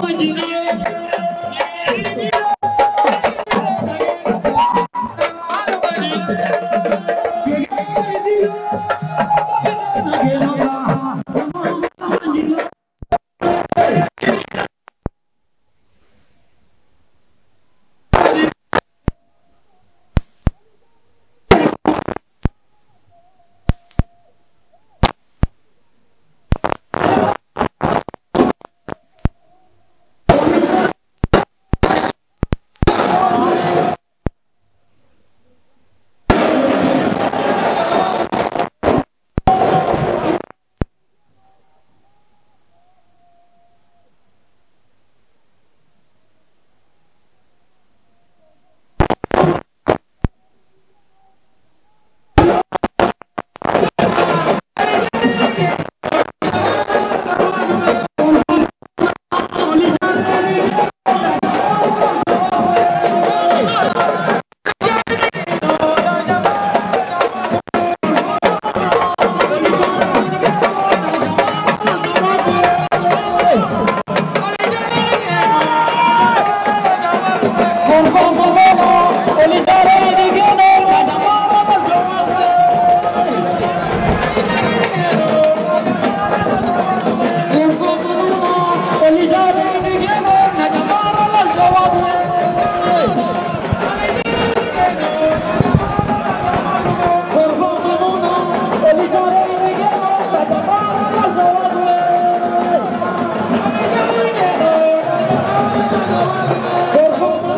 Mama Junior. Por favor.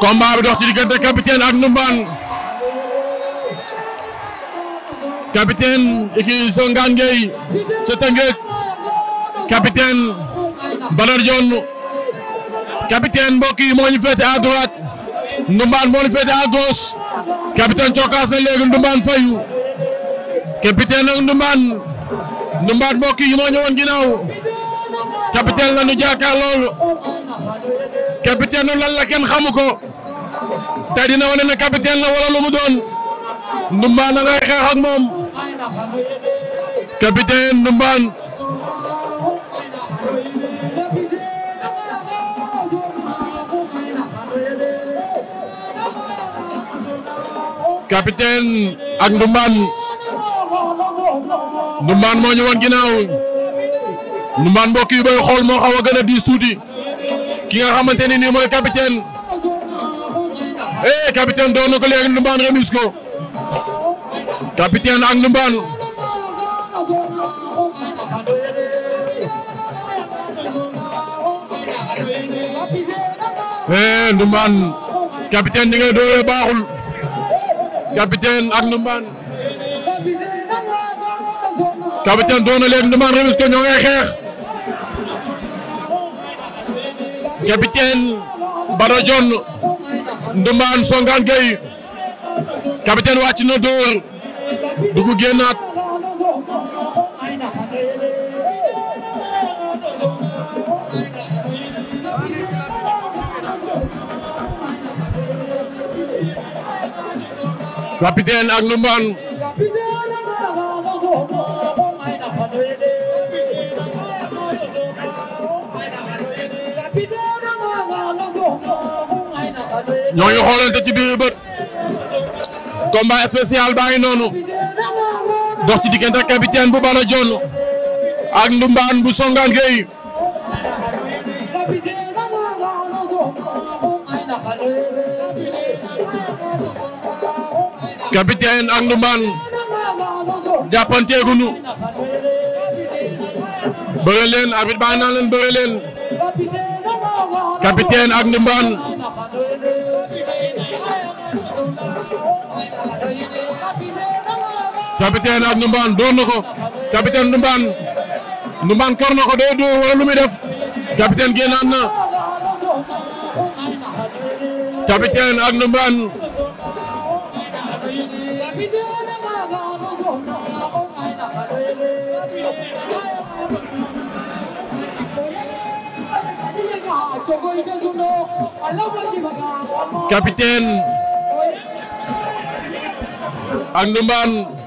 combat bi dox ci diggante capitaine ak Ndoumbane capitaine iki Songaan Ngey ca Tëngéej capitaine Badar Dione capitaine mbokk yi moo ñu féete à droite Ndoumbane moo ñu féete cokaas na léegi Ndoumbane fayu capitaine ak Ndoumbane Ndoumbane mbokk yi moo ñëwoon ginnaaw la ñu jàkkaar loolu capitaine nu la kenn xamu ko te dina wane capitaine la wala lu mu doon a ngay xeex ak moom capitaine Ndumbaan capitaine ak Ndumbaan Ndumbaan moo ñu woon ginnaaw Ndumbaan mbokk yi xool moo xaw a gën diis tuuti. ki nga xamante ni nii mooy capitaine eh capitaine doon na ko léegi Ndumbaan remis ko capitaine ak eh, baaxul capitaine ak Ndumbaan Ndumbaan remis ko ñoo xeex. capitaine Bada Dione Ndumbaan Songane Gueye capitaine wàcc na dóor dugg génnaat capitaine ak Ndumbaan ñoo ngi xoolante ci biir bët combat spécial baa ngi noonu dox ci diggante capitaine bu Bala Dione ak ndumbaan bu Songane Gueye capitaine ak ndumbaan jàppanteeguñu bëre leen baa naan leen bëre leen ak ndumbaan capitaine ak Ndoumbane door na ko capitaine Ndoumbane Ndoumbane kor na ko day door wala lu muy def capitaine génnaat na capitaine ak Ndoumbane capitaine ak Ndoumbane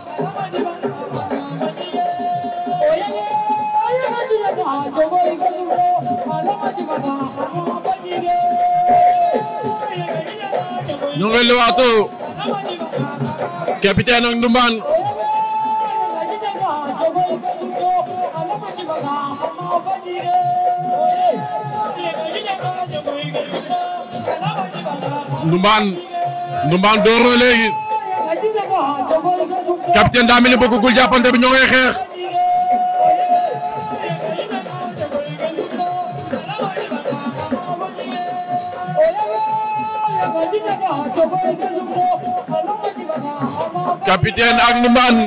ñu ngi leen di waatu capitaine ak Ndumbaan Ndumbaan Ndumbaan door na léegi capitaine daa mel ni bëggul jàppante bi ñoo ngay xeex capitaine ak Ndoumbane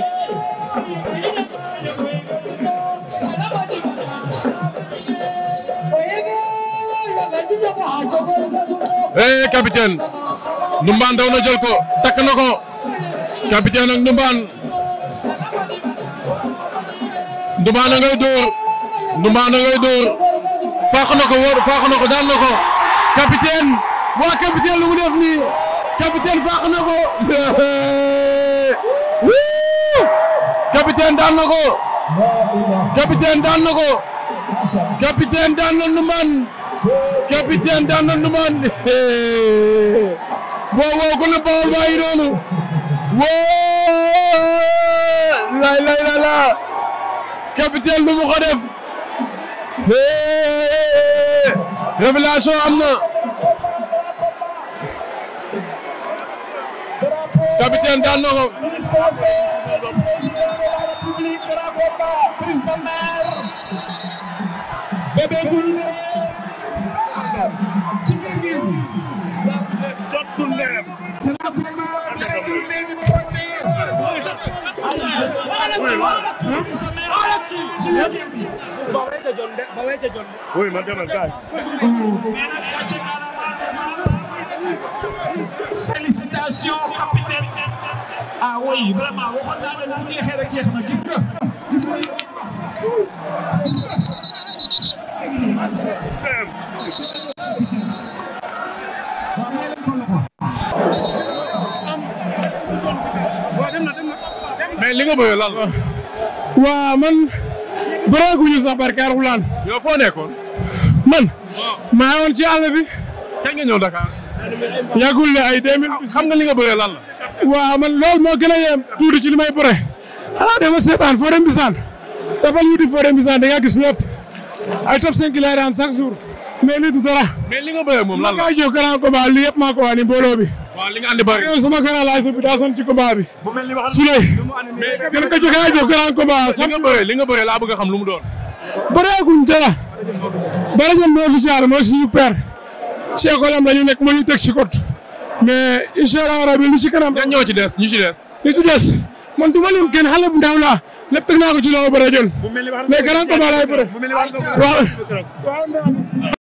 eh capitaine Ndoumbane daw na jël ko takk na ko capitaine ak Ndoumbane Ndoumbane ngay dóor Ndoumbane ngay dóor faax na ko wóor faax na ko daan na ko capitaine waa capitaine lu mu nii capitaine fàq na ko capitaine daan na ko na ko capitaine daan na Ndoumbane capitaine daan na Ndoumbane waaw waaw kon nag Bawol baa ngi noonu woo lay lay la la lu mu ko def révélation am Diène daan na ko. Bébé Gouye ci Ba wéy ca jon de, ah oui li nga bëgg lan la. waaw man. bëreeguñu sax barke Alxuraan. yow foo nekkoon. man. maa woon ci àll bi. kañ nga ñëw Dakar. yàggul ne ay 2000. xam nga li nga bëgg lan la. waaw man loolu moo gën a yem tuuti ci li may bëre xanaa dama seetaan foo bisaan dafal yuuti foo bisaan da gis lépp ay top 5 lay daan chaque jour mais du dara. mais li nga bëre moom lan la ma jox grand combat li yëpp a a xam lu mu doon. bëreeguñ dara. moo fi jaar mooy suñu père. ci école am la nekk moo ñu teg ci kot. mais incha allah rabi lu ci kanam. ñoo ci des ñu ci des. li ci des man du ma lim kenn xale bu ndaw laa lépp teg naa ko ci loxo ba rajo mais grand combat laay bëre waaw.